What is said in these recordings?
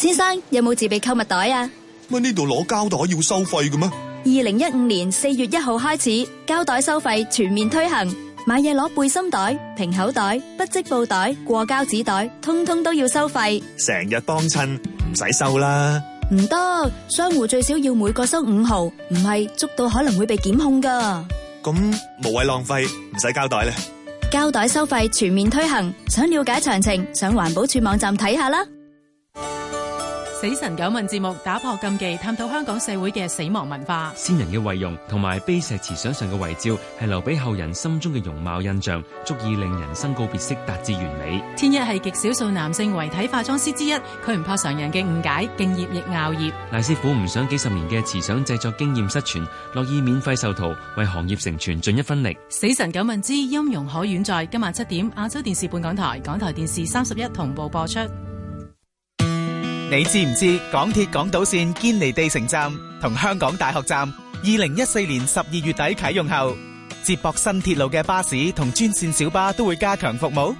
先生有冇自備購物袋啊？乜呢度攞膠袋要收費嘅咩？二零一五年四月一號開始，膠袋收費全面推行，買嘢攞背心袋、平口袋、不織布袋、過膠紙袋，通通都要收費。成日幫襯唔使收啦？唔得，商戶最少要每個收五毫，唔係捉到可能會被檢控噶。咁無謂浪費，唔使膠袋咧。膠袋收費全面推行，想了解詳情，上環保署網站睇下啦。死神九問節目打破禁忌，探討香港社會嘅死亡文化。先人嘅遺容同埋碑石慈像上嘅遺照，係留俾後人心中嘅容貌印象，足以令人生告別式達至完美。天一係極少數男性遺體化妝師之一，佢唔怕常人嘅誤解，敬業亦熬業。賴師傅唔想幾十年嘅慈像製作經驗失傳，樂意免費授徒，為行業成全盡一分力。死神九問之音容可遠在今晚七點，亞洲電視本港台、港台電視三十一同步播出。你知唔知？港鐵港島線堅尼地城站同香港大學站 ,2014 年12月底啟用後，接駁新鐵路嘅巴士同專線小巴都會加強服務。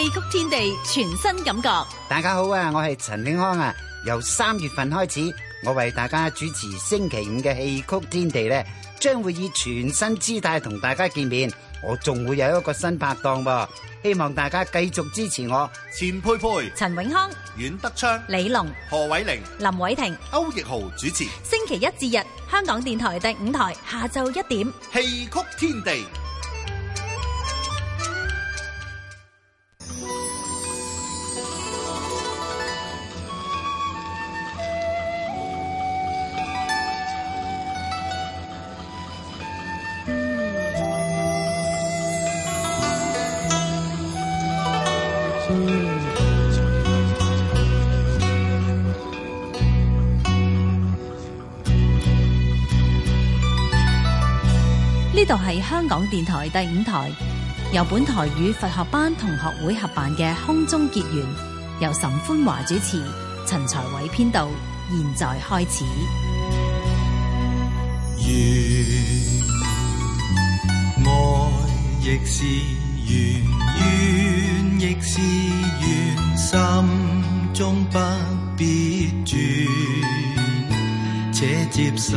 戲曲天地全新感覺，大家好啊！我係陳永康啊！由三月份開始，我為大家主持星期五嘅戲曲天地咧，將會以全新姿態同大家見面。我仲會有一個新拍檔噃，希望大家繼續支持我。錢佩佩、陳永康、阮德昌、李龍、何偉玲、林偉霆、歐奕豪主持。星期一至日，香港電台第五台下晝一點，戲曲天地。呢度係香港電台第五台，由本台與佛學班同學會合辦嘅《空中結緣》，由岑歡華主持，陳才偉編導，現在開始。願愛亦是緣，怨亦是緣，心中不必轉，且接受。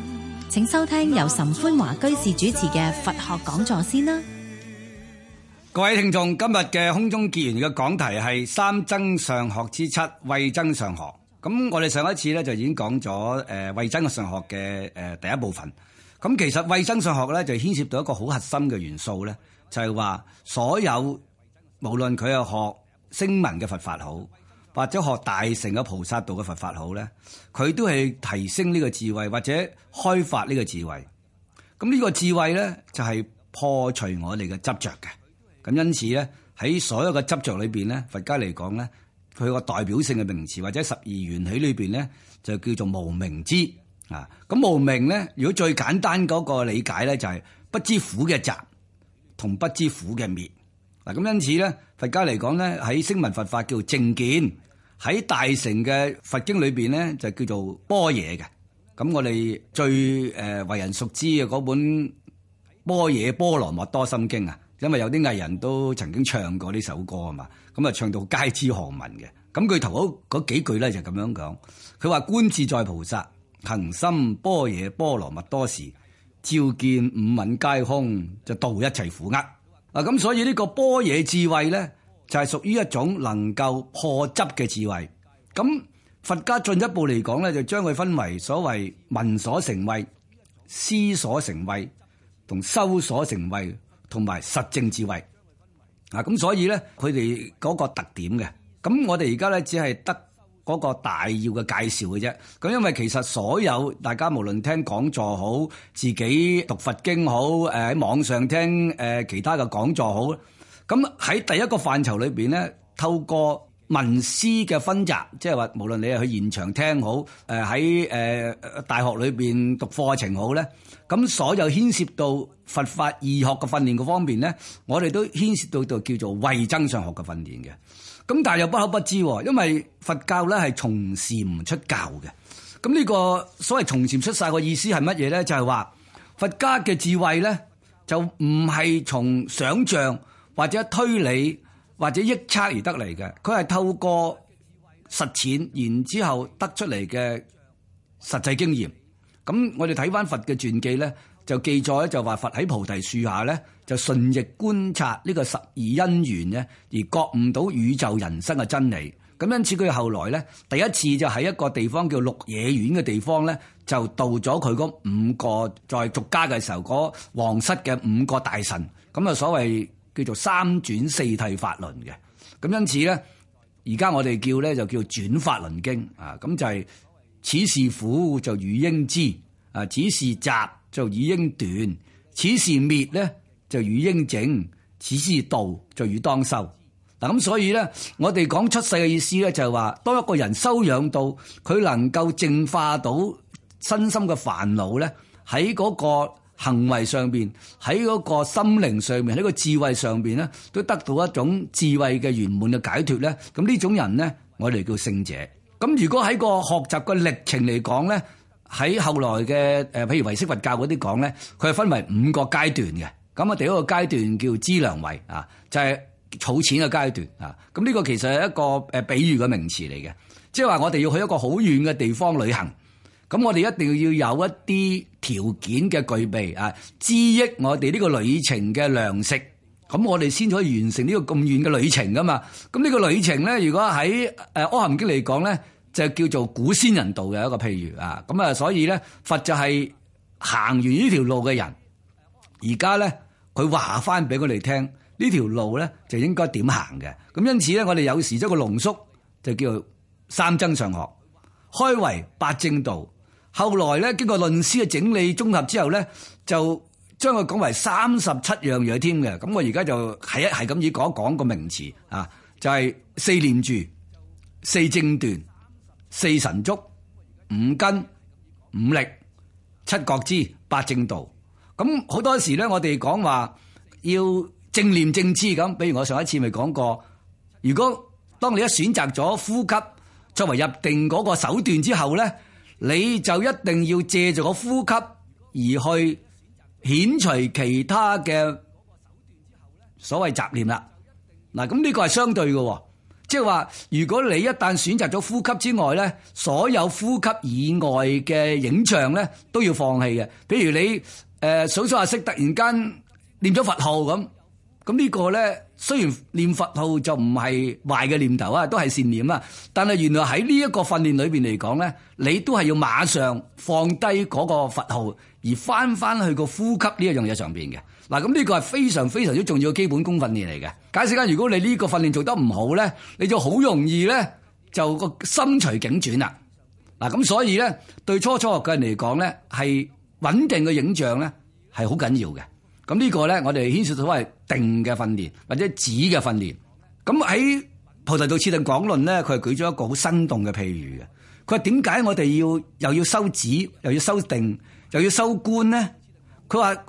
請收聽由岑歡華居士主持嘅佛學講座先啦。各位聽眾，今日嘅空中結緣嘅講題係三增上學之七慧增上學。咁我哋上一次咧就已經講咗誒慧增嘅上學嘅誒第一部分。咁其實慧增上學咧就牽涉到一個好核心嘅元素咧，就係話所有無論佢係學聲聞嘅佛法好。或者學大乘嘅菩薩道嘅佛法好咧，佢都係提升呢個智慧或者開發呢個智慧。咁呢個智慧咧就係、是、破除我哋嘅執着嘅。咁因此咧，喺所有嘅執着裏邊咧，佛家嚟講咧，佢個代表性嘅名詞或者十二緣起裏邊咧，就叫做無明之啊。咁無明咧，如果最簡單嗰個理解咧，就係不知苦嘅集同不知苦嘅滅。嗱，咁因此咧，佛家嚟講咧，喺聲聞佛法叫正見。喺大乘嘅佛經裏邊咧，就叫做般若嘅。咁我哋最誒為人熟知嘅嗰本般若波羅蜜多心經啊，因為有啲藝人都曾經唱過呢首歌啊嘛，咁啊唱到街知巷聞嘅。咁佢頭嗰幾句咧就咁樣講，佢話觀自在菩薩行深般若波羅蜜多時，照見五蘊皆空，就度一切苦厄。啊，咁所以呢個般若智慧咧～就係屬於一種能夠破執嘅智慧。咁佛家進一步嚟講咧，就將佢分為所謂聞所成慧、思所成慧、同修所成慧，同埋實證智慧。啊，咁所以咧，佢哋嗰個特點嘅。咁我哋而家咧，只係得嗰個大要嘅介紹嘅啫。咁因為其實所有大家無論聽講座好，自己讀佛經好，誒喺網上聽誒其他嘅講座好。咁喺第一個範疇裏面咧，透過文師嘅分擇，即係話無論你係去現場聽好，喺大學裏面讀課程好咧，咁所有牽涉到佛法義學嘅訓練嘅方面咧，我哋都牽涉到到叫做為增上學嘅訓練嘅。咁但係又不可不知，因為佛教咧係從禪出教嘅。咁呢個所謂從禪出世嘅意思係乜嘢咧？就係、是、話佛家嘅智慧咧，就唔係從想像。或者推理或者臆測而得嚟嘅，佢係透過實踐，然之後得出嚟嘅實際經驗。咁我哋睇翻佛嘅傳記咧，就記載咧，就話佛喺菩提樹下咧，就順逆觀察呢個十二因緣咧，而覺悟到宇宙人生嘅真理。咁因此佢後來咧，第一次就喺一個地方叫鹿野苑嘅地方咧，就到咗佢嗰五個在俗家嘅時候嗰皇室嘅五個大臣。咁啊，所謂。叫做三轉四諦法輪嘅，咁因此咧，而家我哋叫咧就叫轉法輪經啊，咁就係、是、此是苦就汝應知啊，此是集就汝應斷，此是滅，咧就汝應證，此是道就汝當修。嗱、啊、咁所以咧，我哋講出世嘅意思咧，就係話當一個人修養到佢能夠淨化到身心嘅煩惱咧，喺嗰、那個。行為上面，喺嗰個心靈上面，喺個智慧上面，咧，都得到一種智慧嘅圓滿嘅解脫咧。咁呢種人呢，我哋叫聖者。咁如果喺個學習嘅歷程嚟講咧，喺後來嘅譬如唯識佛教嗰啲講咧，佢係分為五個階段嘅。咁啊，第一個階段叫資糧位啊，就係、是、儲錢嘅階段啊。咁、這、呢個其實係一個比喻嘅名詞嚟嘅，即係話我哋要去一個好遠嘅地方旅行。咁我哋一定要有一啲條件嘅具備啊，知益我哋呢個旅程嘅糧食，咁我哋先可以完成呢個咁遠嘅旅程噶、啊、嘛。咁呢個旅程咧，如果喺誒阿含經嚟講咧，就叫做古仙人道嘅一個譬如啊。咁啊，所以咧，佛就係行完呢條路嘅人，而家咧，佢話翻俾我哋聽，呢條路咧就應該點行嘅。咁因此咧，我哋有時一個濃縮就叫三增上學，開為八正道。後來咧，經過論師嘅整理綜合之後咧，就將佢講為三十七樣嘢添嘅。咁我而家就係一係咁樣講一講個名詞啊，就係四念住、四正斷、四神足、五根、五力、七覺支、八正道。咁好多時咧，我哋講話要正念正知咁。比如我上一次咪講過，如果當你一選擇咗呼吸作為入定嗰個手段之後咧，你就一定要藉助個呼吸而去遣除其他嘅所謂雜念啦。嗱，咁呢個係相對嘅，即係話，如果你一旦選擇咗呼吸之外咧，所有呼吸以外嘅影像咧都要放棄嘅。譬如你誒數數下息，突然間念咗佛號咁，咁呢個咧。雖然念佛號就唔係壞嘅念頭啊，都係善念啊，但係原來喺呢一個訓練裏邊嚟講咧，你都係要馬上放低嗰個佛號而翻翻去個呼吸呢一樣嘢上邊嘅。嗱，咁呢個係非常非常之重要嘅基本功訓練嚟嘅。假使間，如果你呢個訓練做得唔好咧，你就好容易咧就個心隨境轉啦。嗱，咁所以咧對初初學嘅人嚟講咧，係穩定嘅影像咧係好緊要嘅。咁、這、呢個咧，我哋牽涉到所謂定嘅訓練或者止嘅訓練。咁喺《菩提道次第講論》咧，佢係舉咗一個好生動嘅譬如嘅。佢話點解我哋要又要修止，又要修定，又要修觀呢？佢話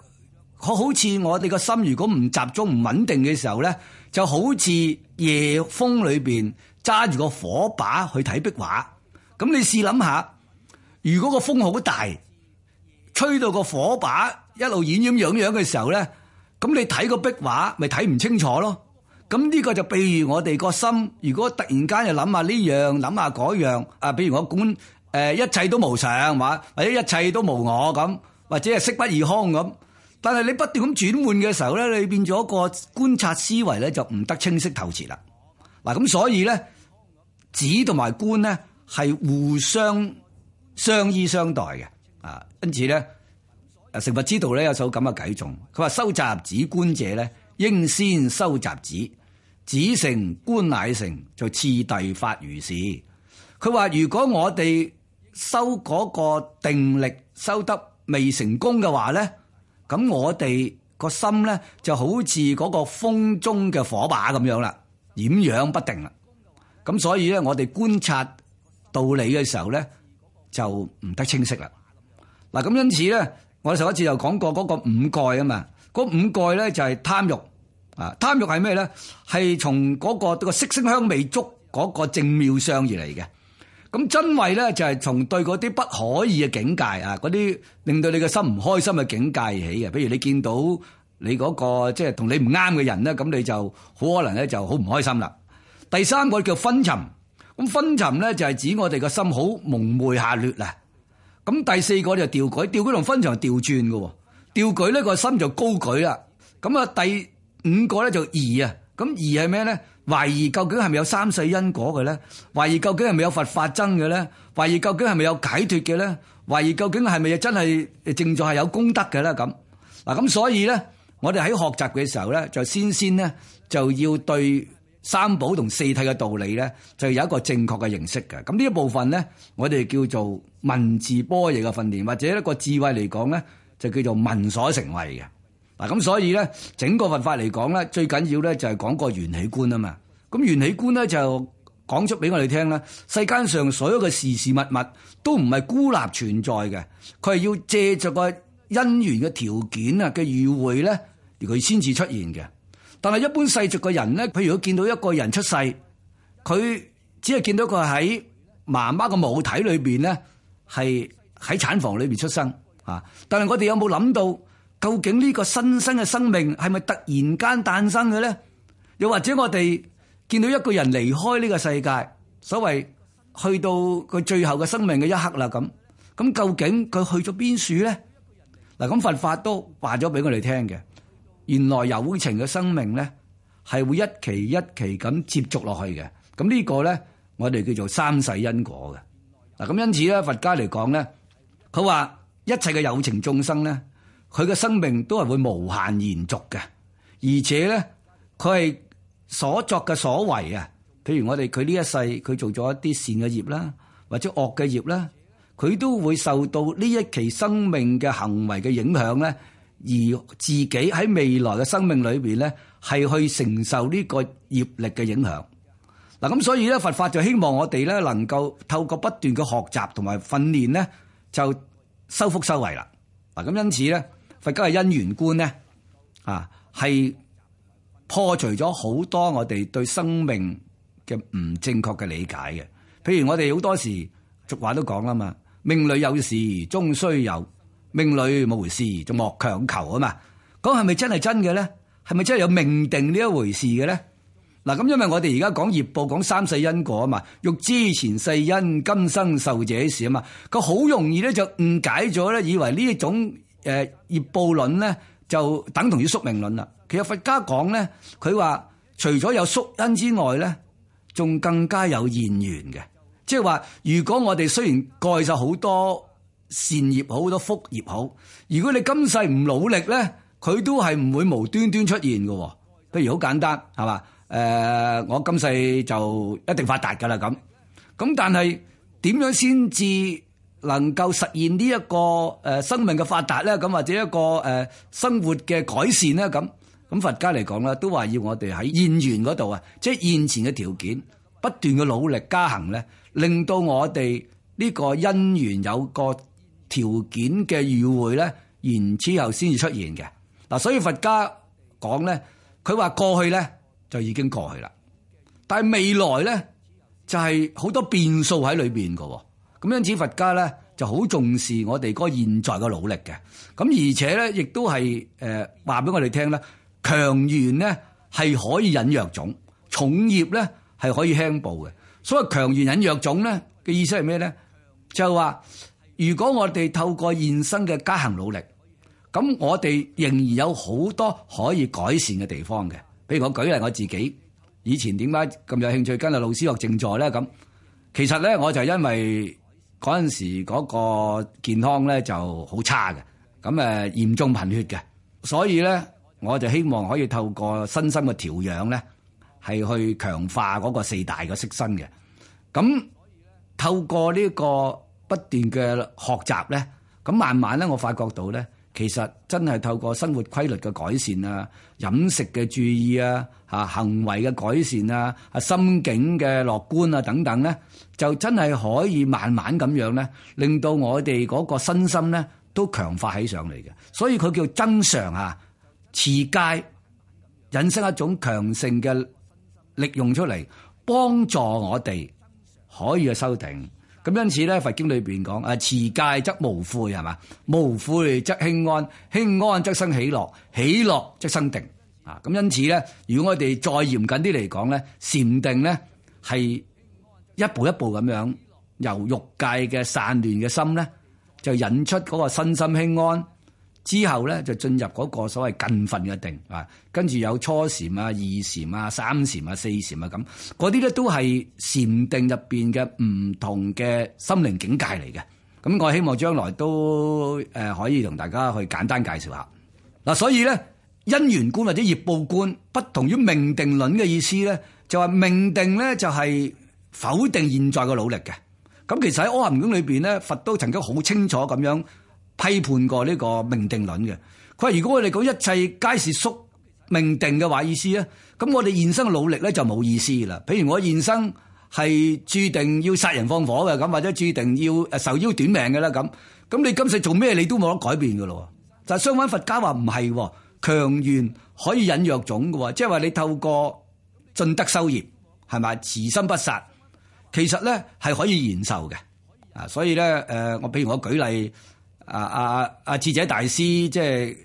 好似我哋個心，如果唔集中、唔穩定嘅時候咧，就好似夜風裏面揸住個火把去睇壁畫。咁你試諗下，如果個風好大，吹到個火把。一路演演樣樣嘅時候咧，咁你睇個壁畫咪睇唔清楚咯？咁呢個就譬如我哋個心，如果突然間又諗下呢樣，諗下嗰樣，啊，比如我觀誒一切都無常嘛，或者一切都無我咁，或者係色不異空。咁。但係你不斷咁轉換嘅時候咧，你變咗個觀察思維咧就唔得清晰透徹啦。嗱，咁所以咧，止同埋觀呢，係互相相依相待嘅，啊，因此咧。啊！成佛之道咧，有首咁嘅偈頌，佢話修習止觀者咧，應先修習止，止成觀乃成，就次第法如是。佢話如果我哋修嗰個定力修得未成功嘅話咧，咁我哋個心咧就好似嗰個風中嘅火把咁樣啦，染樣不定啦。咁所以咧，我哋觀察道理嘅時候咧，就唔得清晰啦。嗱，咁因此咧。我哋上一次又講過嗰個五蓋啊嘛，嗰五蓋咧就係貪欲啊，貪欲係咩咧？係從嗰個色聲香味觸嗰個正妙相而嚟嘅。咁瞋恚咧就係從對嗰啲不可以嘅境界啊，嗰啲令到你嘅心唔開心嘅境界起嘅。譬如你見到你嗰個即係同你唔啱嘅人咧，咁你就好可能咧就好唔開心啦。第三個叫昏沉，咁昏沉咧就係指我哋嘅心好蒙昧下劣啊。咁第四個就掉舉，掉舉同分場調轉嘅喎，掉舉咧個心就高舉啦。咁啊第五個咧就疑啊，咁疑係咩咧？懷疑究竟係咪有三世因果嘅咧？懷疑究竟係咪有佛法僧嘅咧？懷疑究竟係咪有解脫嘅咧？懷疑究竟係咪真係正在係有功德嘅咧？咁嗱咁，所以咧我哋喺學習嘅時候咧，就先先咧就要對三寶同四諦嘅道理咧，就有一個正確嘅認識嘅。咁呢一部分咧，我哋叫做文字般若嘅訓練，或者一個智慧嚟講咧，就叫做文所成慧嘅嗱。咁、啊、所以咧，整個佛法嚟講咧，最緊要咧就係講個緣起觀啊嘛。咁緣起觀咧就講出俾我哋聽啦。世間上所有嘅事事物物都唔係孤立存在嘅，佢係要借着個因緣嘅條件啊嘅遇會咧，而佢先至出現嘅。但係一般世俗嘅人咧，譬如見到一個人出世，佢只係見到佢喺媽媽嘅母體裏邊咧，係喺產房裏邊出生啊！但係我哋有冇諗到，究竟呢個新生嘅生命係咪突然間誕生嘅咧？又或者我哋見到一個人離開呢個世界，所謂去到佢最後嘅生命嘅一刻啦，咁咁究竟佢去咗邊處咧？嗱，咁佛法都話咗俾我哋聽嘅，原來有情嘅生命咧係會一期一期咁接觸落去嘅。咁呢個咧，我哋叫做三世因果嘅。嗱咁，因此咧，佛家嚟講咧，佢話一切嘅有情眾生咧，佢嘅生命都係會無限延續嘅，而且咧，佢係所作嘅所為啊，譬如我哋佢呢一世佢做咗一啲善嘅業啦，或者惡嘅業啦，佢都會受到呢一期生命嘅行為嘅影響咧，而自己喺未來嘅生命裏邊咧，係去承受呢個業力嘅影響。嗱，咁所以咧，佛法就希望我哋咧，能夠透過不斷嘅學習同埋訓練咧，就修復修為啦。嗱，咁因此咧，佛教嘅因緣觀咧，啊，係破除咗好多我哋對生命嘅唔正確嘅理解嘅。譬如我哋好多時俗話都講啦嘛，命裏有時終須有，命裏冇回事，就莫強求啊嘛。講，係咪真係真嘅咧？係咪真係有命定呢一回事嘅咧？嗱，咁因為我哋而家講業報，講三世因果啊嘛。欲知前世因，今生受者是啊嘛。佢好容易咧就誤解咗咧，以為呢一種誒業報論咧就等同於宿命論啦。其實佛家講咧，佢話除咗有宿因之外咧，仲更加有現緣嘅，即係話如果我哋雖然蓋咗好多善業好，好多福業好，如果你今世唔努力咧，佢都係唔會無端端出現嘅。不如好簡單，係嘛？誒，我今世就一定發達㗎喇。咁咁，但係點樣先至能夠實現呢一個誒生命嘅發達咧？咁或者一個誒生活嘅改善咧？咁咁，佛家嚟講咧，都話要我哋喺現緣嗰度啊，即係現前嘅條件不斷嘅努力加行咧，令到我哋呢個因緣有個條件嘅遇會咧，然之後先至出現嘅。嗱。所以佛家講咧，佢話過去咧。就已經過去啦。但係未來咧，就係、是、好多變數喺裏邊㗎喎。咁，因此佛家咧就好重視我哋個現在嘅努力嘅。咁而且咧，亦都係誒話俾我哋聽咧，強緣咧係可以引弱種，重業咧係可以輕步嘅。所謂強緣引弱種咧嘅意思係咩咧？就係話，如果我哋透過現生嘅加行努力，咁我哋仍然有好多可以改善嘅地方嘅。譬如我舉例我自己，以前點解咁有興趣跟阿老師學靜坐咧？咁其實咧，我就因為嗰陣時嗰個健康咧就好差嘅，咁誒嚴重貧血嘅，所以咧我就希望可以透過身心嘅調養咧，係去強化嗰個四大嘅色身嘅。咁透過呢個不斷嘅學習咧，咁慢慢咧我發覺到咧。其實真係透過生活規律嘅改善啊、飲食嘅注意啊、行為嘅改善啊、心境嘅樂觀啊等等咧，就真係可以慢慢咁樣咧，令到我哋嗰個身心咧都強化起上嚟嘅。所以佢叫增上啊，持戒引生一種強盛嘅力用出嚟，幫助我哋可以去修定。咁因此咧，佛經裏面講，誒持戒則無悔係嘛，無悔則輕安，輕安則生喜樂，喜樂則生定。啊，咁因此咧，如果我哋再嚴謹啲嚟講咧，禪定咧係一步一步咁樣由欲界嘅散亂嘅心咧，就引出嗰個身心輕安。之後咧就進入嗰個所謂近分嘅定，啊，跟住有初禪啊、二禪啊、三禪啊、四禪啊咁，嗰啲咧都係禪定入面嘅唔同嘅心靈境界嚟嘅。咁我希望將來都誒可以同大家去簡單介紹下。嗱，所以咧因緣觀或者業報觀，不同於命定論嘅意思咧，就話命定咧就係否定現在嘅努力嘅。咁其實喺《阿含經》裏邊咧，佛都曾經好清楚咁樣，批判過呢個命定論嘅，佢話如果我哋講一切皆是宿命定嘅話，的意思咧，咁我哋現生嘅努力咧就冇意思啦。譬如我現生係注定要殺人放火嘅咁，或者注定要受腰短命嘅啦咁，咁你今世做咩你都冇得改變噶啦。但係相反，佛家話唔係，強緣可以引弱種嘅，即係話你透過進德修業，係咪慈心不殺，其實咧係可以延壽嘅。啊，所以咧，誒、呃，我譬如我舉例。啊啊啊，智者大師即係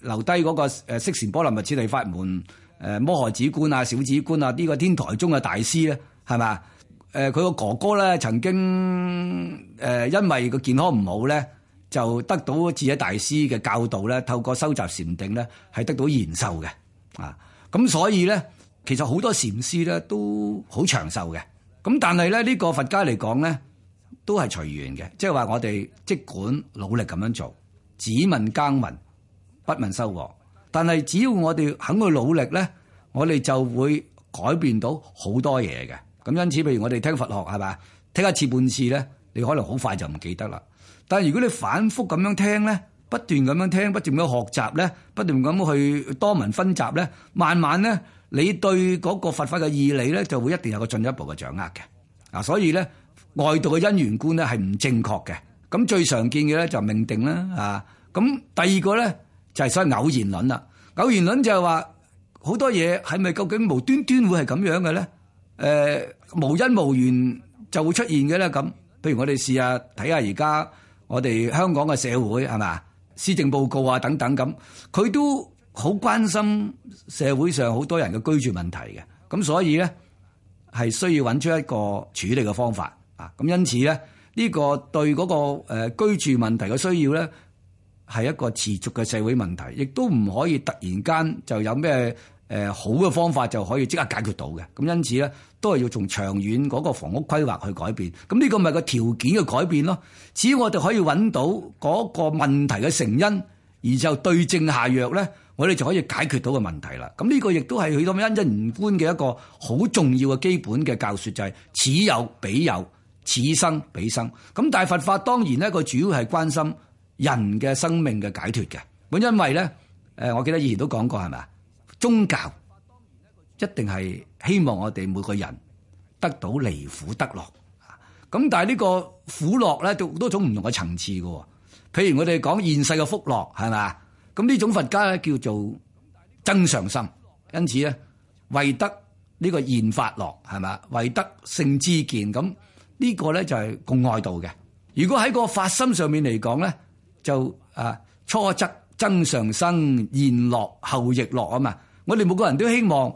留低嗰個，誒釋禪波羅蜜次第法門，誒摩訶止觀啊小止觀啊呢，這個天台宗嘅大師咧係嘛？誒佢個哥哥咧曾經誒、啊、因為個健康唔好咧，就得到智者大師嘅教導咧，透過收集禪定咧，係得到延壽嘅啊，咁所以咧，其實好多禪師咧都好長壽嘅。咁但係咧，呢個佛家嚟講咧。都係隨緣嘅，即係話我哋即管努力咁樣做，只問耕耘，不問收穫。但係只要我哋肯去努力咧，我哋就會改變到好多嘢嘅。咁因此，譬如我哋聽佛學係嘛，聽一次半次咧，你可能好快就唔記得啦。但係如果你反覆咁樣聽咧，不斷咁樣聽，不斷咁樣，樣，樣學習咧，不斷咁去多聞熏習咧，慢慢咧，你對嗰個佛法嘅義理咧，就會一定有個進一步嘅掌握嘅。嗱，所以咧。外道嘅因緣觀咧係唔正確嘅，咁最常見嘅咧就命定啦，啊，咁第二個咧就係、是、所謂偶然論啦。偶然論就係話好多嘢係咪究竟無端端會係咁樣嘅咧？誒、呃，無因無緣就會出現嘅咧咁。譬如我哋試下睇下而家我哋香港嘅社會係嘛？施政報告啊等等咁，佢都好關心社會上好多人嘅居住問題嘅，咁所以咧係需要揾出一個處理嘅方法。咁因此咧，呢個對嗰個居住問題嘅需要咧，係一個持續嘅社會問題，亦都唔可以突然間就有咩好嘅方法就可以即刻解決到嘅。咁因此咧，都係要從長遠嗰個房屋規劃去改變。咁呢個咪個條件嘅改變咯。只要我哋可以揾到嗰個問題嘅成因，然之後對症下藥咧，我哋就可以解決到個問題啦。咁呢個亦都係佢咁因因緣觀嘅一個好重要嘅基本嘅教説，就係此有彼有。此生彼生，咁但係佛法當然呢個主要係關心人嘅生命嘅解脱嘅。本因為咧，誒，我記得以前都講過係咪啊？宗教一定係希望我哋每個人得到離苦得樂。咁但係呢個苦樂咧，好多種唔同嘅層次喎。譬如我哋講現世嘅福樂，係咪啊？咁呢種佛家咧叫做增上生，因此咧，為得呢個現法樂，係咪啊？為得聖智見咁。呢、這個咧就係共愛度嘅。如果喺個發心上面嚟講咧，就啊初則增上生，現樂後亦樂啊嘛。我哋每個人都希望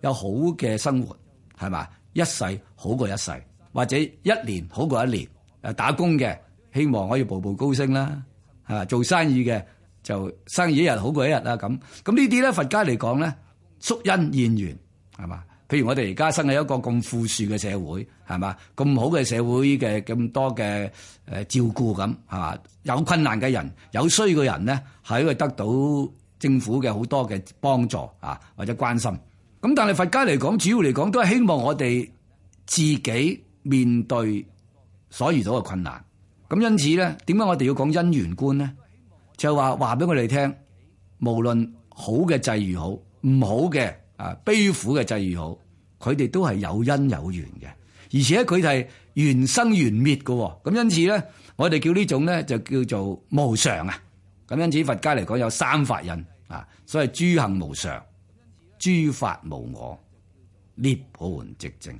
有好嘅生活，係嘛？一世好過一世，或者一年好過一年。誒，打工嘅希望可以步步高升啦。啊，做生意嘅就生意一日好過一日啦咁。咁呢啲咧，佛家嚟講咧，宿因現緣係嘛？譬如我哋而家身喺一個咁富庶嘅社會，係嘛？咁好嘅社會嘅咁多嘅誒照顧咁，係嘛？有困難嘅人，有衰嘅人咧，喺度得到政府嘅好多嘅幫助啊，或者關心。咁但係佛家嚟講，主要嚟講都係希望我哋自己面對所遇到嘅困難。咁因此咧，點解我哋要講因緣觀咧？就係話話俾我哋聽，無論好嘅際遇好，唔好嘅。啊悲苦嘅際遇好，佢哋都係有因有緣嘅，而且佢係緣生緣滅嘅，咁因此咧，我哋叫呢種咧就叫做無常啊。咁因此佛家嚟講有三法印啊，所謂諸行無常，諸法無我，涅盤寂靜。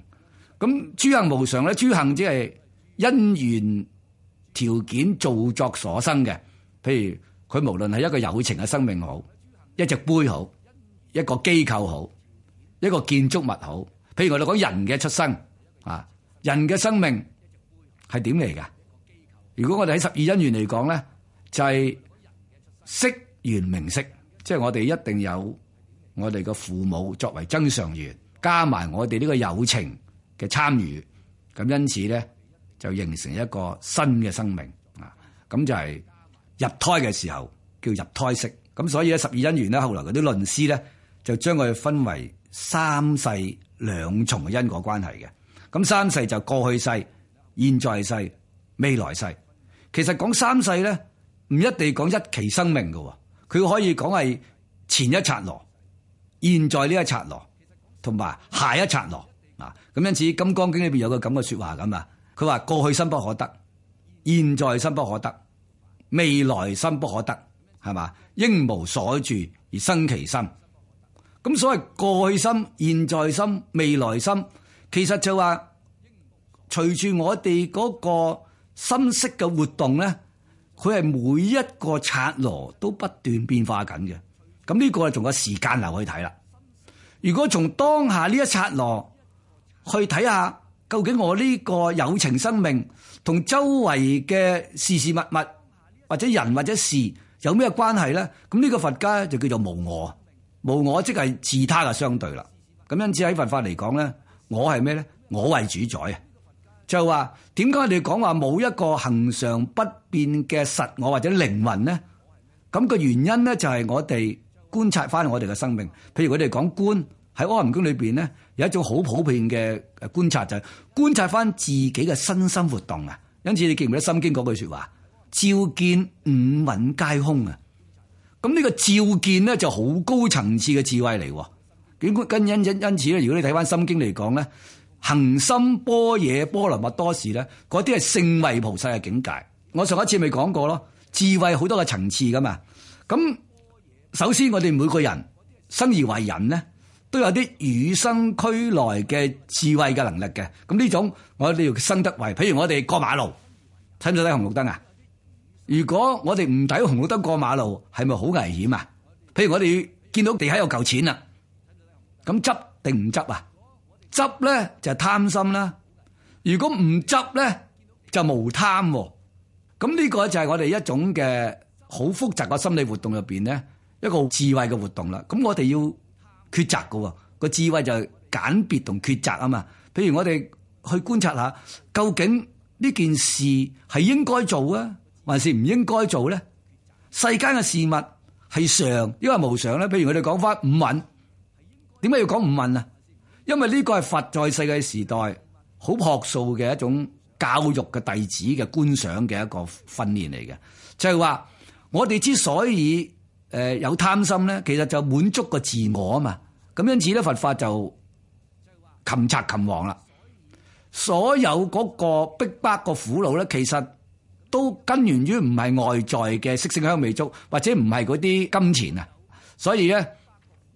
咁諸行無常咧，諸行只係因緣條件造作所生嘅，譬如佢無論係一個有情嘅生命好，一隻杯好。一個機構好，一個建築物好，譬如我地講人嘅出生，人嘅生命,係點嚟㗎？如果我地喺十二因緣，嚟講呢，就係,識，就將佢分為三世兩重嘅因果關係嘅。咁三世就過去世、現在世、未來世。其實講三世咧，唔一定講一期生命喎。佢可以講係前一刹那、現在呢一剎那，同埋下一剎那啊。咁因此《金剛經》裏邊有個咁嘅說話咁啊。佢話，過去心不可得，現在心不可得，未來心不可得，係嘛？應無所住而生其心。咁所謂過去心、現在心、未來心，其實就話隨住我哋嗰個心識嘅活動咧，佢係每一個剎羅都不斷變化緊嘅。咁呢個仲有時間流去睇啦。如果從當下呢一剎羅去睇下，究竟我呢個有情生命同周圍嘅事事物物或者人或者事有咩關係咧？咁呢個佛家就叫做無我。無我即係自他嘅相對啦，咁因此喺佛法嚟講咧，我係咩咧？我為主宰啊！就話點解我哋講話冇一個恒常不變嘅實我或者靈魂呢？咁、個原因咧就係我哋觀察翻我哋嘅生命，譬如我哋講觀喺《阿彌陀經》裏邊咧，有一種好普遍嘅觀察就係、是、觀察翻自己嘅身心活動啊！因此你記唔記得《心經》嗰句說話？照見五蘊皆空啊！咁、這、呢個照見呢就好高層次嘅智慧嚟，跟因因因此，咧，如果你睇翻《心經》嚟講咧，行深般若波羅蜜多時咧，嗰啲係聖位菩薩嘅境界。我上一次咪講過咯，智慧好多嘅層次噶嘛。咁首先我哋每個人生而為人呢，都有啲與生俱來嘅智慧嘅能力嘅。咁呢種我哋要生得慧，譬如我哋過馬路，睇唔睇得紅綠燈啊？如果我哋唔睇紅綠燈過馬路，係咪好危險啊？譬如我哋見到地下有嚿錢啦，咁執定唔執啊？執咧就貪心啦。如果唔執咧就無貪喎。咁、這、呢個就係我哋一種嘅好複雜嘅心理活動入面，咧，一個智慧嘅活動啦。咁我哋要抉擇㗎喎，個智慧就係簡別同抉擇啊嘛。譬如我哋去觀察下，究竟呢件事係應該做啊？還是唔應該做咧？世間嘅事物係常，亦係無常咧。譬如我哋講翻五蘊，點解要講五蘊啊？因為呢個係佛在世界時代好樸素嘅一種教育嘅弟子嘅觀想嘅一個訓練嚟嘅，就係話我哋之所以誒有貪心咧，其實就滿足個自我啊嘛。咁因此咧，佛法就擒賊擒王啦。所有嗰個逼迫個苦惱咧，其實。都根源於唔係外在嘅色聲香味觸，或者唔係嗰啲金錢啊，所以咧，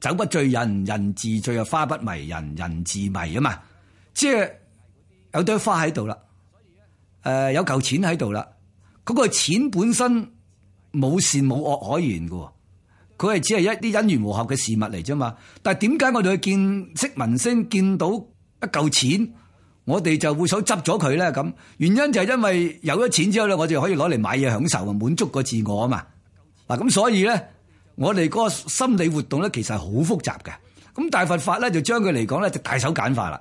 酒不醉人人自醉啊，花不迷人人自迷啊嘛。即係有朵花喺度啦，誒有嚿錢喺度啦，嗰個錢本身冇善冇惡可言噶，佢係只係一啲因緣和合嘅事物嚟啫嘛。但係點解我哋去見色聞聲見到一嚿錢？我哋就會想執咗佢咧，咁原因就係因為有咗錢之後咧，我哋就可以攞嚟買嘢享受啊，滿足個自我啊嘛。嗱咁所以咧，我哋嗰個心理活動咧，其實係好複雜嘅。咁大佛法咧就將佢嚟講咧就大手簡化啦。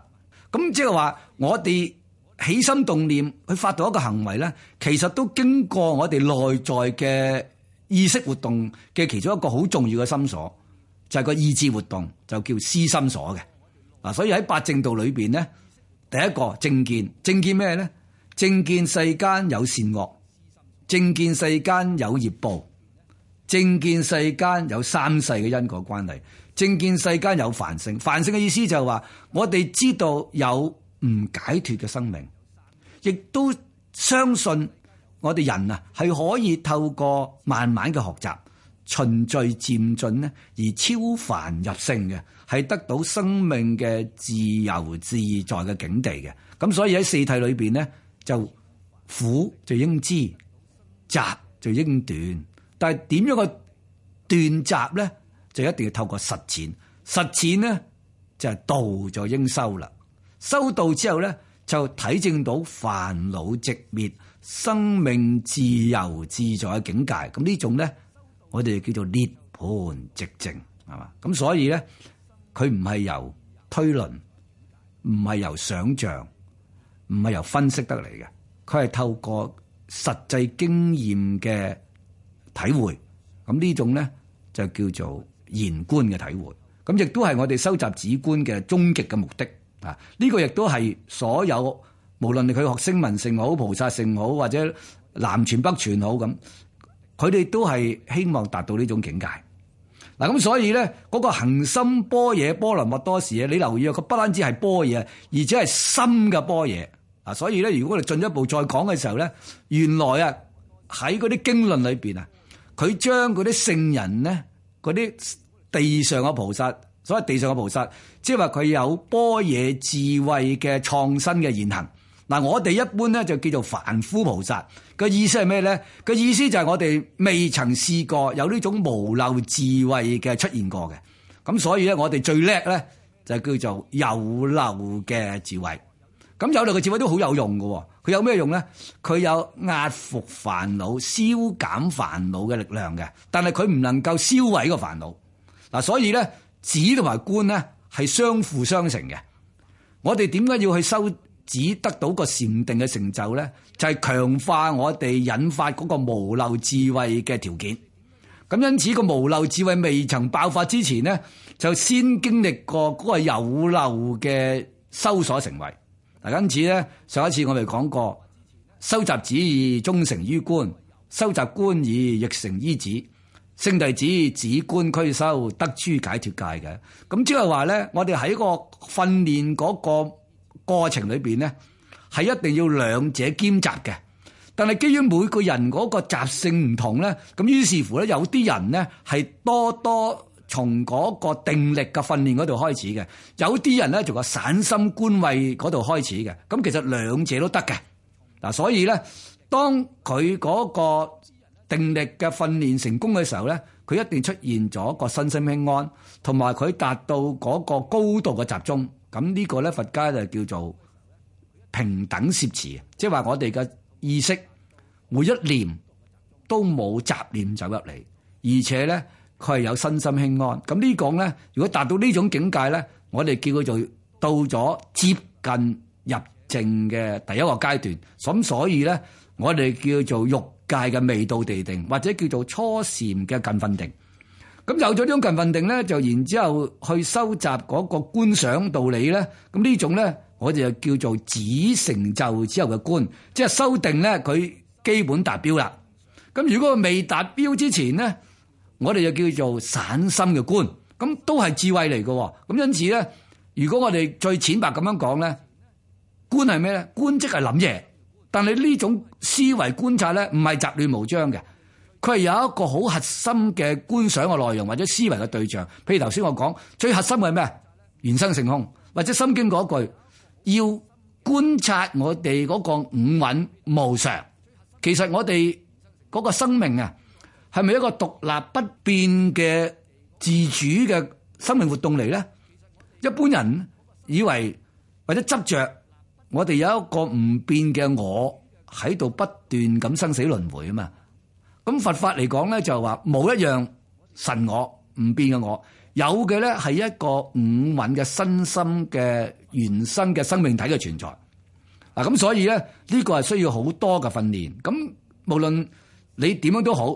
咁即係話我哋起心動念去發動一個行為咧，其實都經過我哋內在嘅意識活動嘅其中一個好重要嘅心所，就係個意志活動，就叫思心所嘅。嗱，所以喺八正道裏面咧。第一個正見，正見咩咧？正見世間有善惡，正見世間有業報，正見世間有三世嘅因果關係，正見世間有凡聖，凡聖嘅意思就係話，我哋知道有唔解脫嘅生命，亦都相信我哋人啊係可以透過慢慢嘅學習。循序漸進咧，而超凡入聖嘅係得到生命嘅自由自在嘅境地嘅。咁所以喺四諦裏邊呢，就苦就應知，集就應斷。但係點樣個斷集咧，就一定要透過實踐實踐呢就係、道就應修啦。修道之後咧，就體證到煩惱寂滅，生命自由自在嘅境界。咁呢種咧。我哋叫做涅槃直證係嘛？咁所以咧，佢唔係由推論，唔係由想像，唔係由分析得嚟嘅。佢係透過實際經驗嘅體會，咁呢種咧就叫做現觀嘅體會。咁亦都係我哋收集止觀嘅終極嘅目的啊！呢、這個亦都係所有，無論佢學聲聞乘好、菩薩乘好，或者南傳北傳好咁。佢哋都係希望達到呢種境界。嗱，咁所以咧，嗰、那個行深般若波羅蜜多時咧，你留意啊，佢、那個、不單止係般若，而且係深嘅般若。啊，所以咧，如果我哋進一步再講嘅時候咧，原來啊，喺嗰啲經論裏邊啊，佢將嗰啲聖人呢，嗰啲地上嘅菩薩，所謂地上嘅菩薩，即係話佢有般若智慧嘅創新嘅言行。嗱，我哋一般咧就叫做凡夫菩薩嘅意思係咩咧？嘅意思就係我哋未曾試過有呢種無漏智慧嘅出現過嘅，咁所以咧我哋最叻咧就係叫做有漏嘅智慧，咁有漏嘅智慧都好有用喎。佢有咩用咧？佢有壓伏煩惱、消減煩惱嘅力量嘅，但係佢唔能夠消毀個煩惱。嗱，所以咧，止同埋觀咧係相輔相成嘅。我哋點解要去修？只得到個禪定嘅成就咧，就係、是、強化我哋引發嗰個無漏智慧嘅條件。咁因此個無漏智慧未曾爆發之前呢，就先經歷過嗰個有漏嘅修所成為。嗱，因此咧，上一次我哋講過，修習止以，終成於觀，修習觀已亦成於止，聖弟子止觀俱修，得諸解脫界嘅。咁即係話咧，我哋喺個訓練嗰、那個。過程裏面呢，係一定要兩者兼習嘅。但係基於每個人嗰個習性唔同咧，咁於是乎咧，有啲人呢係多多從嗰個定力嘅訓練嗰度開始嘅；有啲人咧就個散心觀慧嗰度開始嘅。咁其實兩者都得嘅。嗱，所以咧，當佢嗰個定力嘅訓練成功嘅時候咧，佢一定出現咗個身心輕安，同埋佢達到嗰個高度嘅集中。咁呢個咧，佛家就叫做平等攝持，即係話我哋嘅意識，每一念都冇雜念走入嚟，而且咧佢係有身心輕安。咁呢講咧，如果達到呢種境界咧，我哋叫佢做到咗接近入靜嘅第一個階段。咁所以咧，我哋叫做欲界嘅未到地定，或者叫做初禪嘅近分定。咁有咗呢種近分定咧，就然之後去收集嗰個觀想道理咧。咁呢種咧，我哋就叫做止成就之後嘅觀，即係修定咧，佢基本達標啦。咁如果未達標之前呢，我哋就叫做散心嘅觀，咁都係智慧嚟嘅。咁因此咧，如果我哋最淺白咁樣講咧，觀係咩咧？觀即係諗嘢，但係呢種思維觀察咧，唔係雜亂無章嘅。佢係有一個好核心嘅觀想嘅內容，或者思維嘅對象。譬如頭先我講最核心嘅係咩？緣生性空，或者《心經》嗰一句，要觀察我哋嗰個五蘊無常。其實我哋嗰個生命啊，係咪一個獨立不變嘅自主嘅生命活動嚟咧？一般人以為或者執著，我哋有一個唔變嘅我喺度不斷咁生死輪迴啊嘛。咁佛法嚟講咧，就話冇一樣神我唔變嘅我，有嘅咧係一個五蘊嘅身心嘅原生嘅生命體嘅存在。啊，咁所以咧呢個係需要好多嘅訓練。咁無論你點樣都好，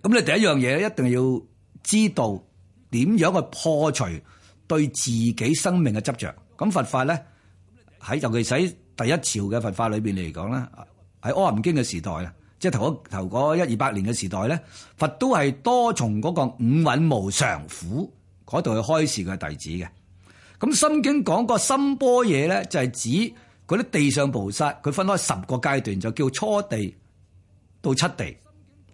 咁你第一樣嘢一定要知道點樣去破除對自己生命嘅執着。咁佛法咧喺尤其喺第一朝嘅佛法裏邊嚟講咧，喺阿含經嘅時代啊。即係頭嗰頭一二百年嘅時代咧，佛都係多從嗰個五蘊無常苦嗰度去開示佢弟子嘅。咁《心經》講個深般若咧，就係指嗰啲地上菩薩，佢分開十個階段，就叫初地到七地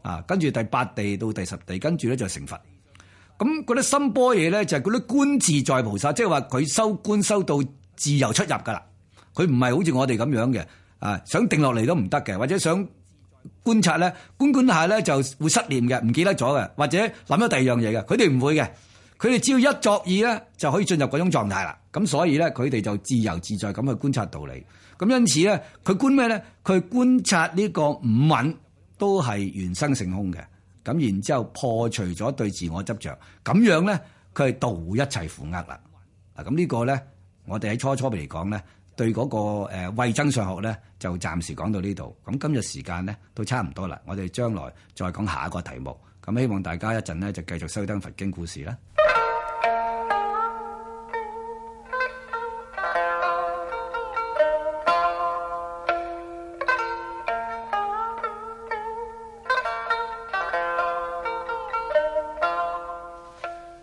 啊，跟住第八地到第十地，跟住咧就成佛。咁嗰啲深般若咧，就係嗰啲觀自在菩薩，即係話佢修觀修到自由出入噶啦。佢唔係好似我哋咁樣嘅啊，想定落嚟都唔得嘅，或者想。觀察，觀觀下。對嗰個誒慧增上學咧，就暫時講到呢度。咁今日時間咧都差唔多啦，我哋將來再講下一個題目。咁希望大家一陣咧就繼續收聽佛經故事啦。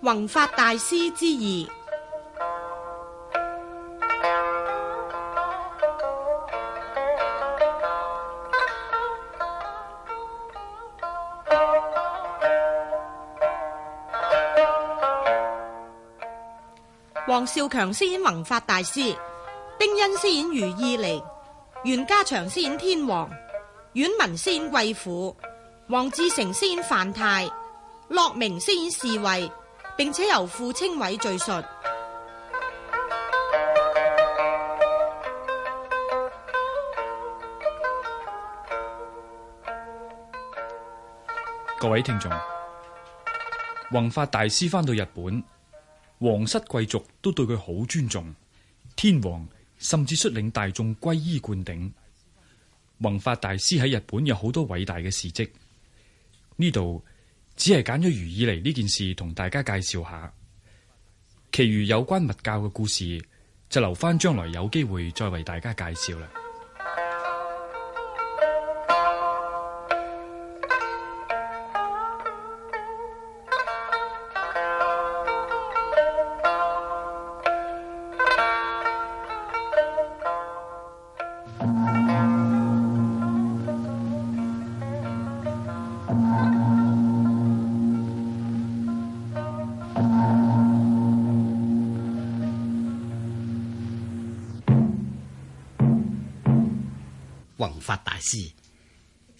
弘法大師之二。黃少強飾演弘法大師，丁恩飾演如意靈，袁家祥飾演天王，阮文飾演貴婦，黃志成飾演范太，駱明飾演侍衛，並且由傅清偉敘述。各位聽眾，弘法大師返到日本。皇室貴族都對佢好尊重，天皇甚至率領大眾皈依灌頂。弘法大師喺日本有好多偉大嘅事蹟，呢度只係揀咗如以嚟呢件事同大家介紹下，其餘有關佛教嘅故事就留翻將來有機會再為大家介紹啦。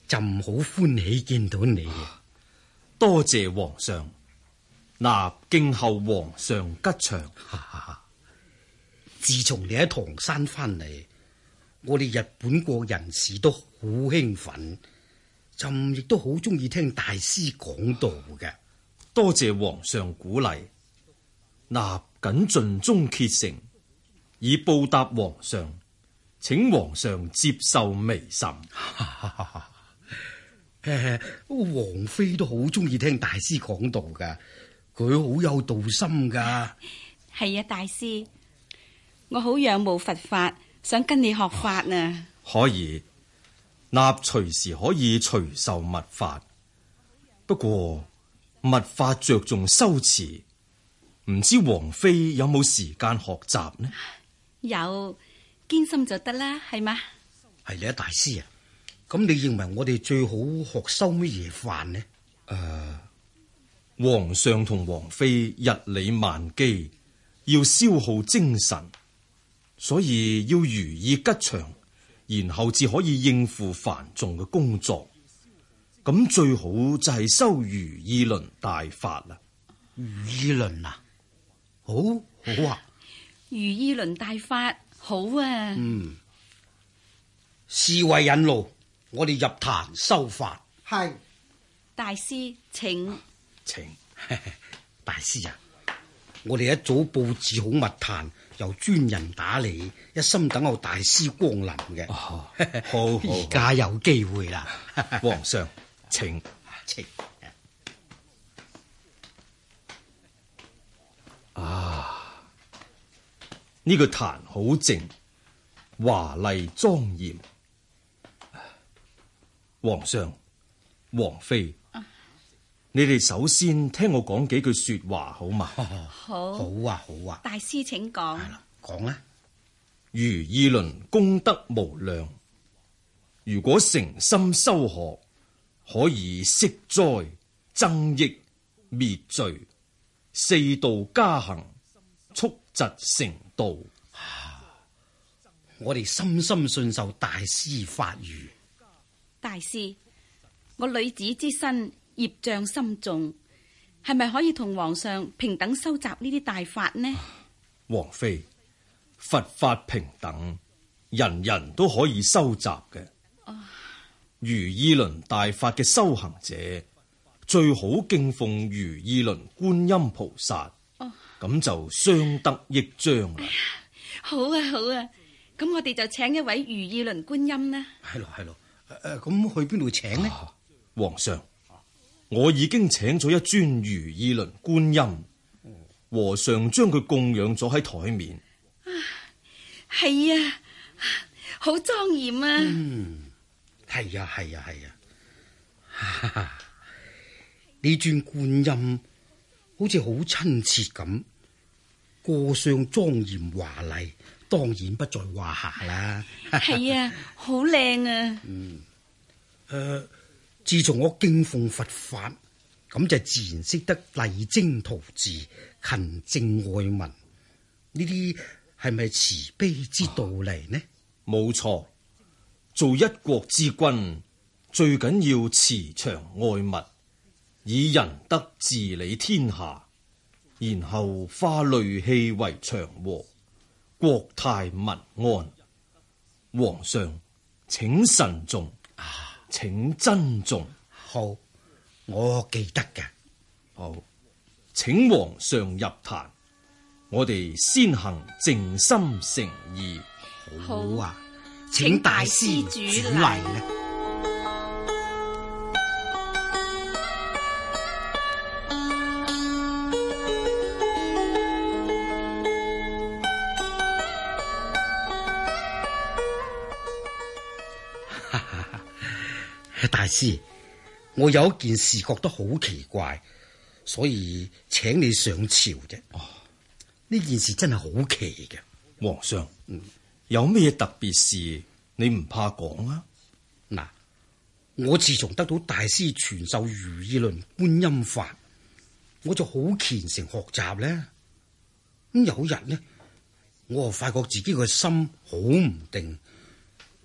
朕好歡喜見到你。多謝皇上。嗱，敬候皇上吉祥。 自從你喺唐山翻嚟，我哋日本國人士都好興奮。朕亦都好中意聽大師講道嘅。多謝皇上鼓勵。嗱，謹盡忠竭誠，以報答皇上。請皇上接受微臣。誒， 王妃都好中意聽大師講道噶，佢好有道心噶。係啊，大師，我好仰慕佛法，想跟你學法啊。哦，可以，納隨時可以傳授密法。不過，密法着重修持，唔知王妃有冇時間學習呢？有。堅心就得啦，係嘛？係啦，大師啊，咁你認為我哋最好學修乜嘢法呢？誒、呃，皇上同王妃日理萬機，要消耗精神，所以要如意吉祥，然後至可以應付繁重嘅工作。咁最好就係修如意輪大法啦。如意輪啊，好好啊。如意輪大法。好啊，嗯，侍衛引路，我哋入壇修法。係，大師，請，啊、請， 大師啊，我哋一早布置好密壇，由專人打理，一心等候大師光臨嘅。哦， 好，而家有機會啦，皇上，請，請。呢、這個壇好靜，華麗莊嚴。皇上、王妃，啊、你哋首先聽我講幾句說話，好嘛？好，好啊，好啊。大師，請講。係啦，講啊。如議論功德無量，如果誠心修學，可以息災、增益、滅罪，四度加行，速疾成。道我哋深深信受大師法語。大師，我女子之身，業障深重，係咪可以同皇上平等收集呢啲大法呢？王妃，佛法平等，人人都可以收集嘅。哦。如意輪大法嘅修行者，最好敬奉如意輪觀音菩薩。咁就相得益彰啦！哎，好啊，好啊，咁我哋就請一位如意輪觀音啦。係咯，係咯，誒，咁去邊度請呢？啊，皇上，我已經請咗一尊如意輪觀音，和尚將佢供養咗喺台面。啊，係啊，好莊嚴啊！嗯，係啊，係啊，係啊！哈哈，呢尊觀音好似好親切咁。個相莊嚴華麗，當然不在話下啦。係啊，好 靚啊！嗯，誒、呃，自從我敬奉佛法，咁就自然識得勵精圖治、勤政愛民呢啲，係咪慈悲之道嚟呢？哦、冇錯，做一國之君，最緊要慈祥愛物，以仁德治理天下。然後化淚氣為祥和，國泰民安。皇上，請慎重，請珍重。好，我記得嘅。好，請皇上入壇，我哋先行靜心誠意。好啊，好，請大師主禮。啦。是我有一件事覺得好奇怪，所以請你上朝啫。哦，呢件事真係好奇嘅。皇上，嗯、有咩特別事你唔怕講啊？嗱、啊，我自從得到大師傳授《如意輪觀音法》，我就好虔誠學習呢。咁有日呢，我啊發覺自己個心好唔定，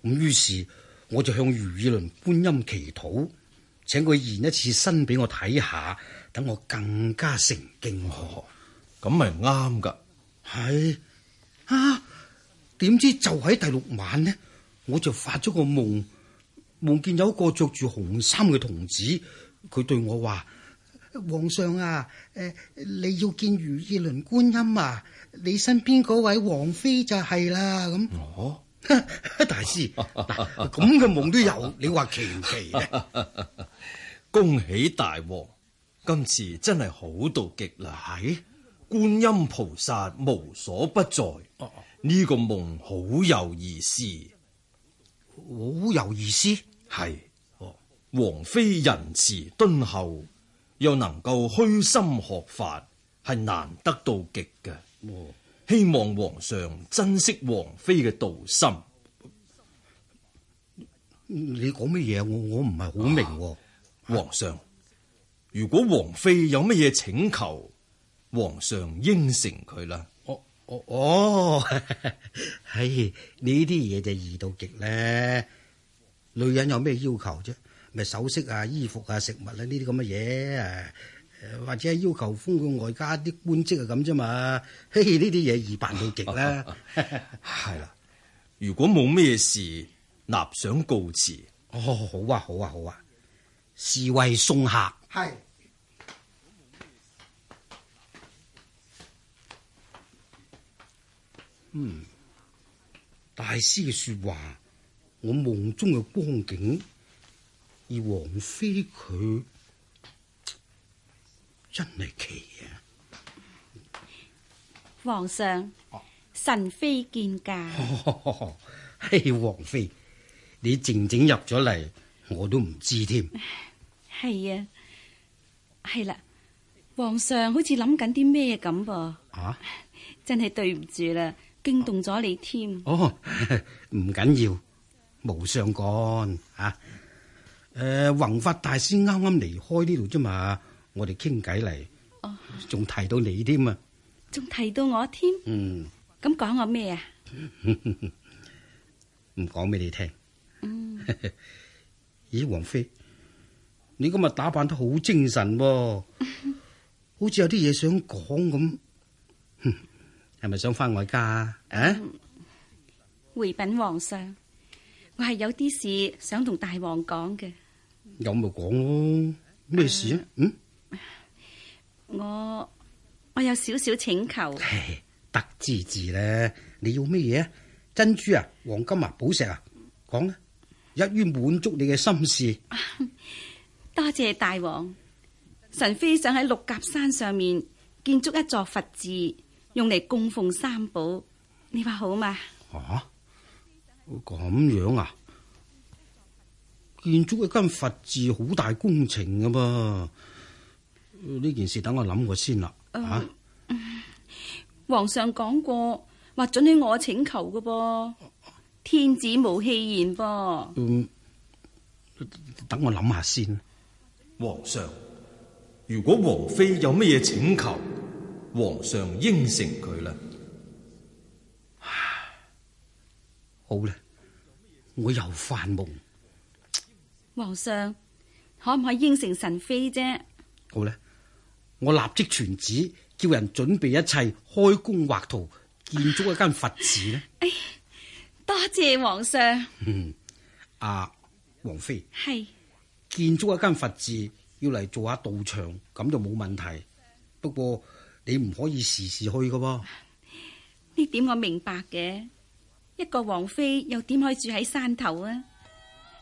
咁於是。我就向如意輪觀音祈禱，請佢現一次身俾我睇下，等我更加成敬。咁咪啱噶？係啊，點知就喺第六晚呢，我就發咗個夢，夢見有個着住紅衫嘅童子，佢對我話：皇上啊，誒、呃，你要見如意輪觀音啊？你身邊嗰位王妃就係啦。咁 大師嗱，咁嘅夢都有，你話奇唔奇咧？恭喜大王，今次真係好到極啦！係、哎、觀音菩薩無所不在，呢、這個夢好有意思，好有意思。係、哦、王妃仁慈敦厚，又能夠虛心學法，係難得到極嘅。希望皇上珍惜王妃嘅道心你。你講乜嘢我我唔係好明、啊。皇上，啊、如果王妃有乜嘢請求，皇上應承佢啦。哦哦哦，係呢啲嘢就易到極咧。女人有咩要求啫？咪首飾啊、衣服啊、食物啊，呢啲咁嘅嘢誒。或者係要求封佢外家啲官職啊咁啫嘛，嘿呢啲嘢易辦到極啦。係啦、啊啊 啊，如果冇咩事，立想告辭。哦，好啊，好啊，好啊，侍衛送客。係。嗯，大師嘅說話，我夢中嘅光景，而王妃佢。真係奇啊！皇上，啊、神妃見駕。係、哦、王妃，你靜靜入咗嚟，我都唔知添。係啊，係啦、啊啊，皇上好似諗緊啲咩咁噃。啊！真係對唔住啦，驚動咗你添、啊。哦，唔緊要，無相干啊。誒、呃，弘法大師啱啱離開呢度啫嘛。我哋傾偈嚟，仲提到你添啊，仲提到我添，嗯，咁講我咩啊？唔講俾你聽。嗯、 咦，王妃，你今日打扮得好精神、哦嗯，好似有啲嘢想講咁，係咪想翻外家啊？回稟皇上，我係有啲事想同大王講嘅，咁咪講咯？咩事啊？嗯。我我有少少請求，得之字咧，你要咩嘢？珍珠啊，黃金啊，寶石啊，講啦，一於滿足你嘅心事。多謝大王，神妃想喺六甲山上面建築一座佛寺，用嚟供奉三寶，你話好嘛？啊，咁樣啊？建築一間佛寺好大工程噶噃。呢件事等我諗過先啦。吓、嗯啊，皇上講過話准許我請求嘅噃，天子無戲言噃。嗯，等我諗下先。皇上，如果王妃有乜嘢請求，皇上應承佢啦。好啦，我又發夢。皇上，可唔可以應承神妃啫？好啦。我立即傳旨，叫人準備一切，開工畫圖，建築一間佛寺咧。哎，多謝皇上。嗯，啊，王妃係，建築一間佛寺要嚟做下道場，咁就冇問題。不過你唔可以時時去噶噃。呢點我明白嘅。一個王妃又點可以住喺山頭啊？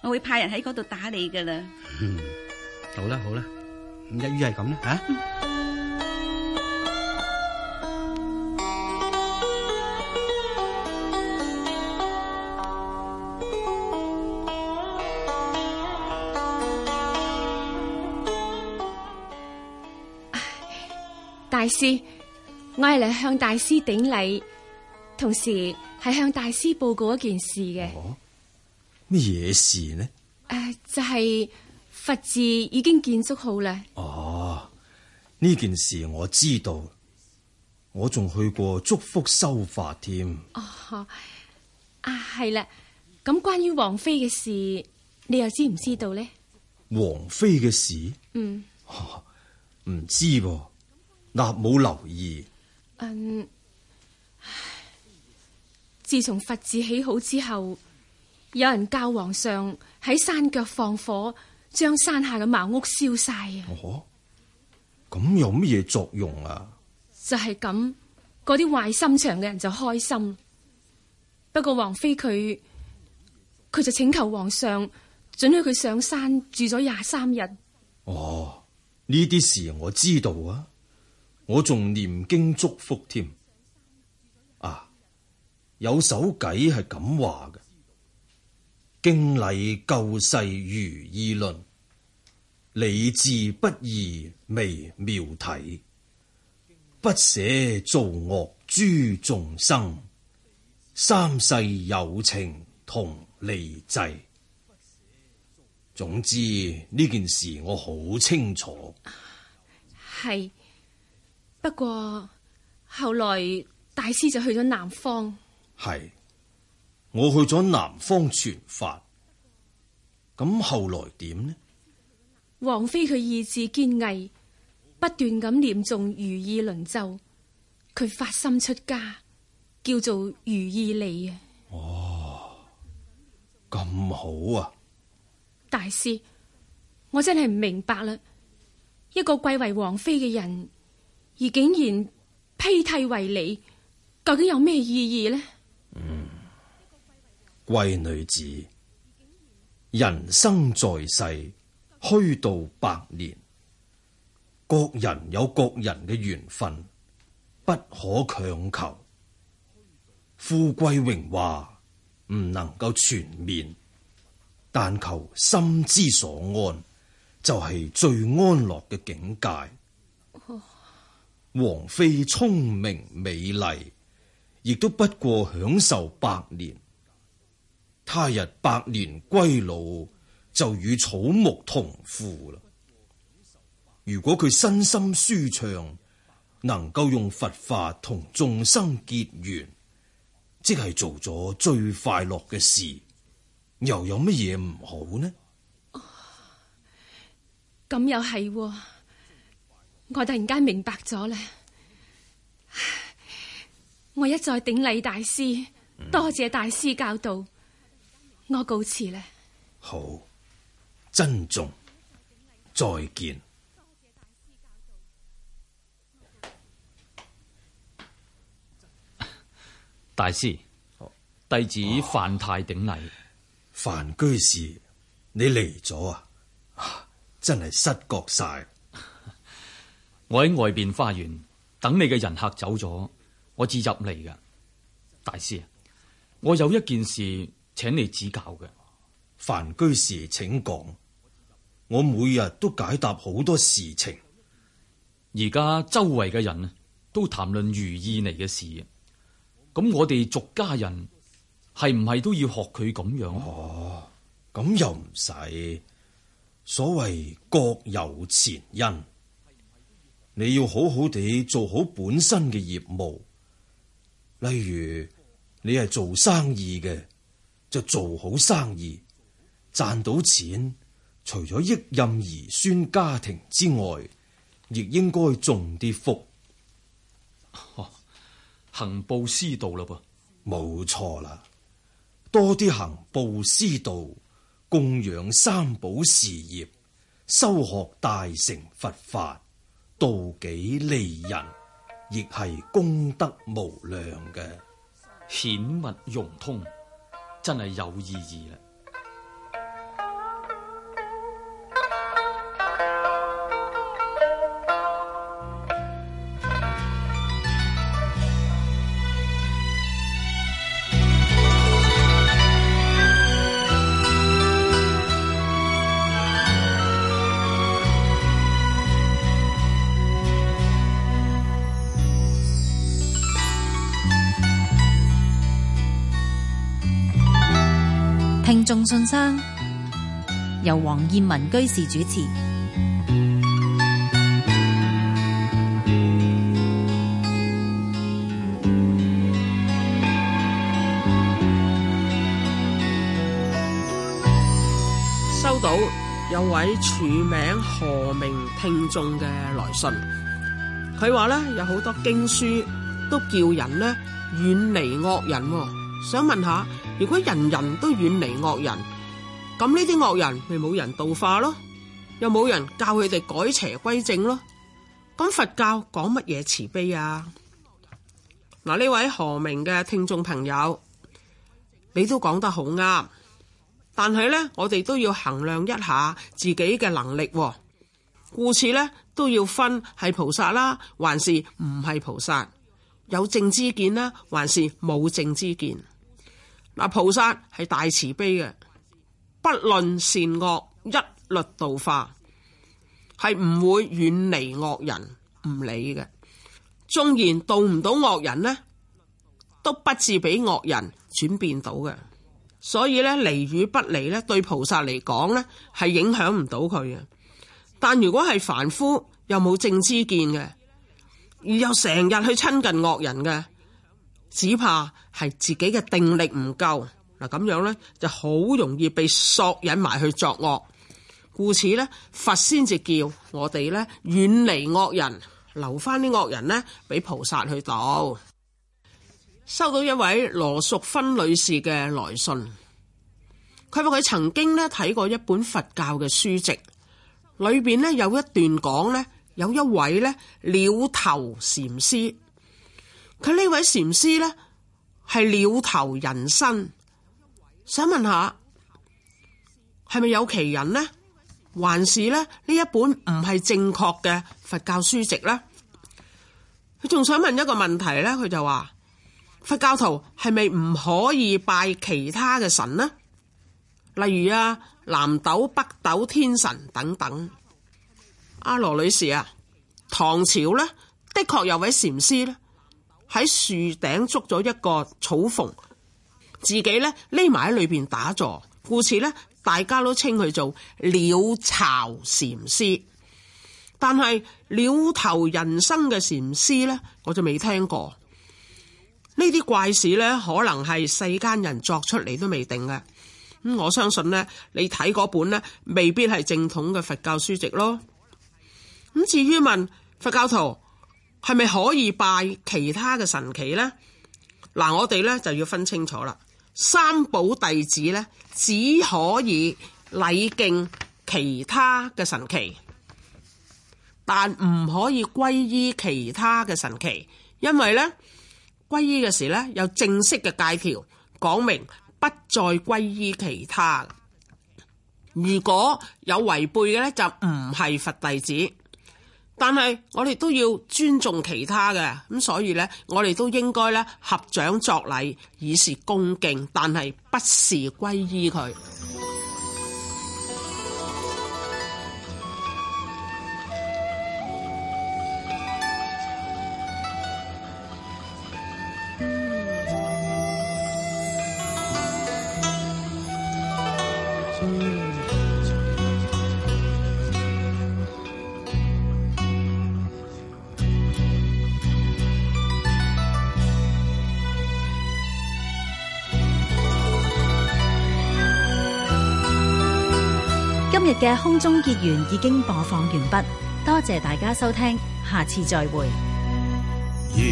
我會派人喺嗰度打理噶啦。好啦好啦，一於係咁啦啊。嗯大師，我係嚟向大師頂禮，同時係向大師報告一件事嘅。哦，乜嘢事呢？誒、啊，就係佛寺已經建築好啦。哦、啊，呢件事我知道，我仲去過祝福修法添。哦，啊，係啦。咁關於王妃嘅事，你又知唔知道呢？王妃嘅事，嗯，唔知喎、啊。嗱，冇留意。嗯，自從佛寺起好之後，有人教皇上喺山腳放火，將山下嘅茅屋燒晒啊！哦，咁有乜嘢作用啊？就係、是、咁，嗰啲壞心腸嘅人就開心。不過王妃佢佢就請求皇上准許佢上山住咗廿三日。哦，呢啲事我知道啊。我仲念經祝福添啊！有首偈係咁話嘅，敬禮救世如意論，理智不移微妙體，不捨造惡諸眾生，三世有情同利濟。總之呢件事我好清楚，係。不過後來大師就去咗南方，係，我去咗南方傳法。咁後來點呢？王妃佢意志堅毅，不斷咁念誦如意輪咒，佢發心出家，叫做如意利啊。哦，咁好啊！大師，我真係唔明白啦，一個貴為王妃嘅人。而竟然批涕為理，究竟有咩意義呢？嗯，貴女子，人生在世，虛度百年，各人有各人嘅緣分，不可強求。富貴榮華唔能夠全面，但求心之所安，就係、是、最安樂嘅境界。王妃聰明美麗，亦都不過享受百年。他日百年歸老，就與草木同腐啦。如果佢身心舒暢，能夠用佛法同眾生結緣，即係做咗最快樂嘅事，又有乜嘢唔好呢？咁又係喎。我突然間明白咗啦！我一再頂禮大師，多謝大師教導，我告辭啦。好，珍重，再見。大師，再大師，弟子范太頂禮。范、啊、居士，你嚟咗啊？啊，真係失覺晒。我喺外邊花園等你嘅人客走咗，我至入嚟嘅。大師，我有一件事請你指教嘅。凡居士，請講。我每日都解答好多事情，而家周圍嘅人都談論如意尼嘅事，咁我哋俗家人係唔係都要學佢咁樣？哦，咁又唔使。所謂各有前因。你要好好地做好本身嘅業務，例如你係做生意嘅，就做好生意，賺到錢。除咗益任兒孫家庭之外，亦應該種啲福。行布施道咯噃，冇錯啦，多啲行布施道，供養三寶事業，修學大乘佛法。度己利人，亦係功德無量嘅，顯密融通，真係有意義啦。信生由黃燕文居士主持。收到有位署名何明聽眾嘅來信，佢話咧有好多經書都叫人呢遠離惡人，想問下。如果人人都遠離惡人，咁呢啲惡人咪冇人度化咯，又冇人教佢哋改邪歸正咯。咁佛教講乜嘢慈悲啊？嗱，呢位何明嘅聽眾朋友，你都講得好啱，但係呢，我哋都要衡量一下自己嘅能力，故此呢，都要分係菩薩啦，還是唔係菩薩，有正知見啦，還是冇正知見。啊！菩薩係大慈悲嘅，不論善惡，一律度化，係唔會遠離惡人，唔理嘅。縱然度唔到惡人呢，都不至畀惡人轉變到嘅。所以呢，離與不離呢，對菩薩嚟講呢，係影響唔到佢嘅。但如果係凡夫，又冇正知見嘅，而又成日去親近惡人嘅。只怕係自己嘅定力唔夠，嗱咁樣呢就好容易被索引埋去作惡，故此呢，佛先至叫我哋呢遠離惡人，留翻啲惡人呢俾菩薩去度。收到一位羅淑芬女士嘅來信，佢話佢曾經呢睇過一本佛教嘅書籍，裏邊呢有一段講呢有一位呢鳥頭禪師。佢呢位禪師呢係鳥頭人身，想問下係咪有其人呢？還是呢呢一本唔係正確嘅佛教書籍呢？佢、嗯、仲想問一個問題呢：佢就話佛教徒係咪唔可以拜其他嘅神呢？例如啊南斗北斗天神等等。阿、啊、羅女士啊，唐朝呢，的確有位禪師呢喺樹頂捉咗一個草縫，自己呢匿埋喺裏邊打坐，故此呢，大家都稱佢做鳥巢禪師。但係鳥頭人身嘅禪師呢，我就未聽過。呢啲怪事呢，可能係世間人作出嚟都未定嘅。咁我相信呢，你睇嗰本呢，未必係正統嘅佛教書籍咯。咁至於問佛教徒，係咪可以拜其他嘅神祇呢？嗱，我哋咧就要分清楚啦。三寶弟子咧只可以禮敬其他嘅神祇，但唔可以歸依其他嘅神祇，因為咧歸依嘅時咧有正式嘅戒條講明不再歸依其他。如果有違背嘅咧，就唔係佛弟子。嗯但係我哋都要尊重其他嘅，咁所以呢，我哋都應該呢合掌作禮，以示恭敬，但係不是歸依佢。嘅空中結緣已經播放完畢，多謝大家收聽，下次再會。月，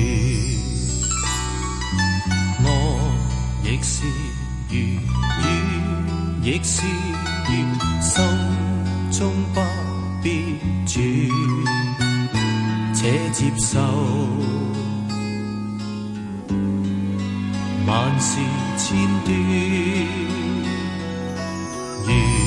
我亦是月，月亦是月，心中不必轉，且接受萬事千端。月。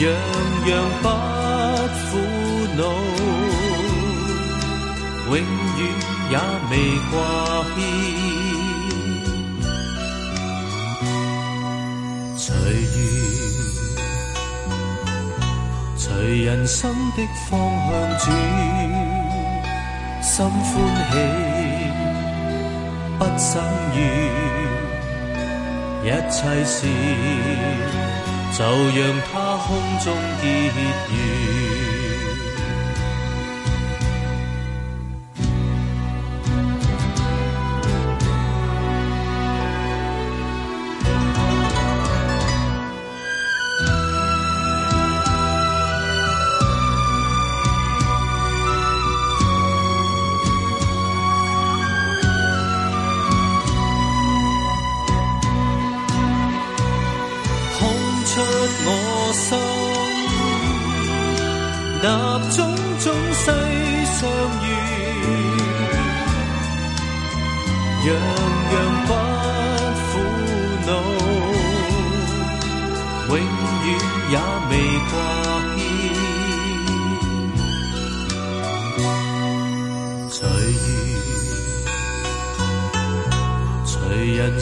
樣樣不苦惱，永遠也未掛牽。隨緣，隨人心的方向轉，心歡喜，不生怨，一切事。就讓它空中結緣。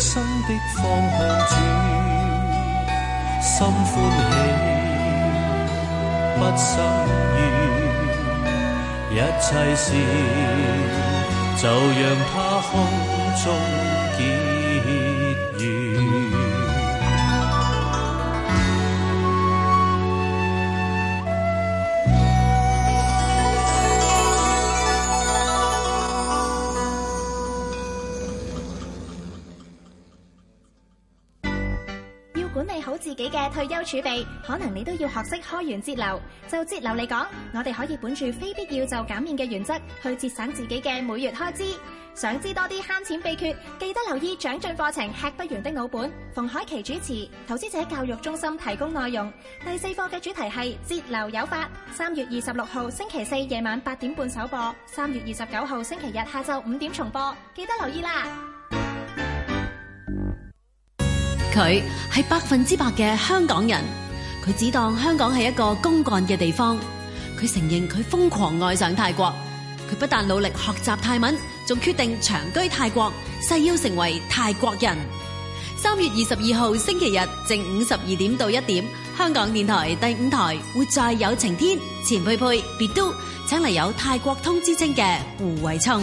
心的方向轉，心歡喜，不相怨，一切事就讓它空中見。退休儲備可能你都要學識開源節流。就節流嚟講，我哋可以本住非必要就減免嘅原則去節省自己嘅每月開支。想知多啲慳錢秘訣，記得留意長進課程《吃不完的老本》。馮凱琪主持，投資者教育中心提供內容。第四課嘅主題係節流有法。三月二十六號星期四夜晚八點半首播，三月二十九號星期日下晝五點重播，記得留意啦。佢係百分之百嘅香港人，佢只當香港係一個公幹嘅地方。佢承認佢瘋狂愛上泰國，佢不但努力學習泰文，仲決定長居泰國，誓要成為泰國人。三月二十二號星期日正午十二點到一點，香港電台第五台活在有情天，錢佩佩別都請嚟有泰國通之稱嘅胡慧沖。